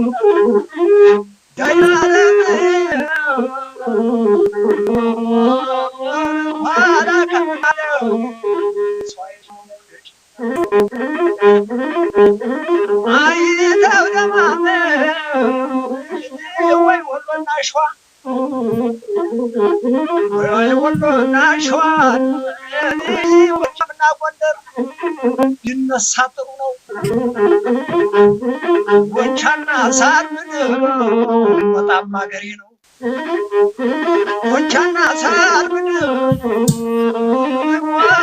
ይነሳ ጥሩ ነው። ሳር ምድር በጣም ሀገሬ ነው። ሞቻና ሳር ምድር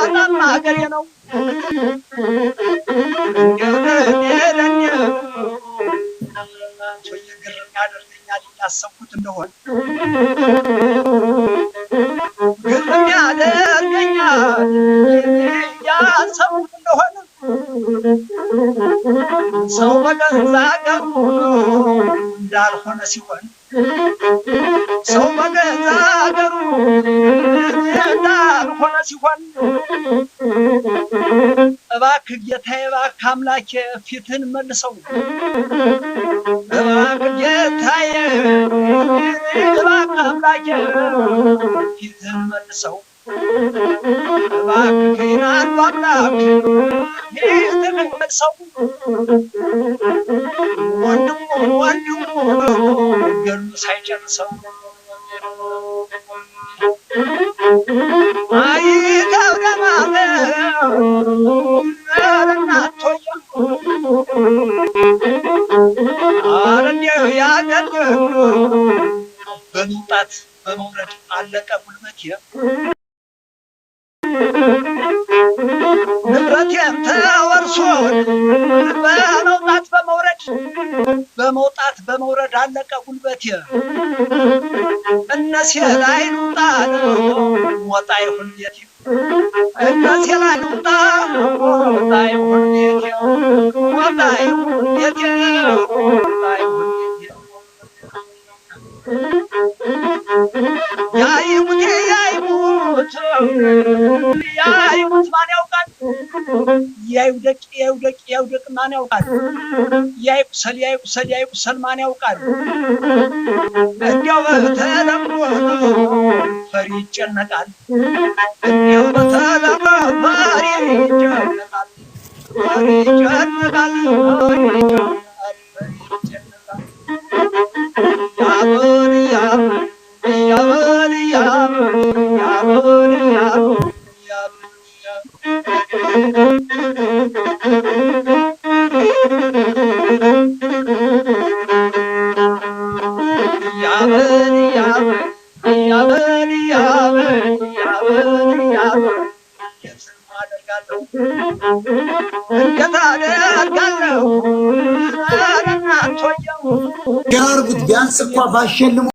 በጣም ሀገሬ ነው። ግርም ያደርገኛል እንዳሰብኩት እንደሆነ እንደሆነ ሰው በገዛ አቅሙ እንዳልሆነ ሲሆን ሰው በገዛ አገሩ እንዳልሆነ ሲሆን፣ እባክህ ጌታዬ፣ እባክህ አምላኬ ፊትህን መልሰው፣ እባክህ ጌታዬ፣ እባክህ አምላኬ ፊትህን መልሰው እባክህን አቶ አምላክ ይህንን መልሰው ወንድሙ ወንድሙ ገሉ ሳይጨርሰው አይተው ደማመናቶያ በመውረድ አለቀ ጉልበት ስኬት ተወርሶ በመውጣት በመውረድ በመውጣት በመውረድ አለቀ ጉልበቴ እነሴ ላይ ልውጣ ሞጣ ይሁን ቤቴ እነሴ ላይ ልውጣ ሞጣ ይሁን ቤቴ ሞጣ ይሁን ቤቴ ያ ማን ያውቃል? ያ ይውደቅ ያ ይውደቅ ማን ያውቃል? ያ ይቁሰል ያ ይቁሰል ያ ይቁሰል ማን ያውቃል? እንዲያው በተለምዶ ፈሪ ይጨነቃል። እንዲያው በተለምዶ ፈሪ ይጨነቃል። ፈሪ ይጨነቃል። ፈሪ ይጨነቃል ያርጉት ቢያንስ እንኳ ባሸልሙ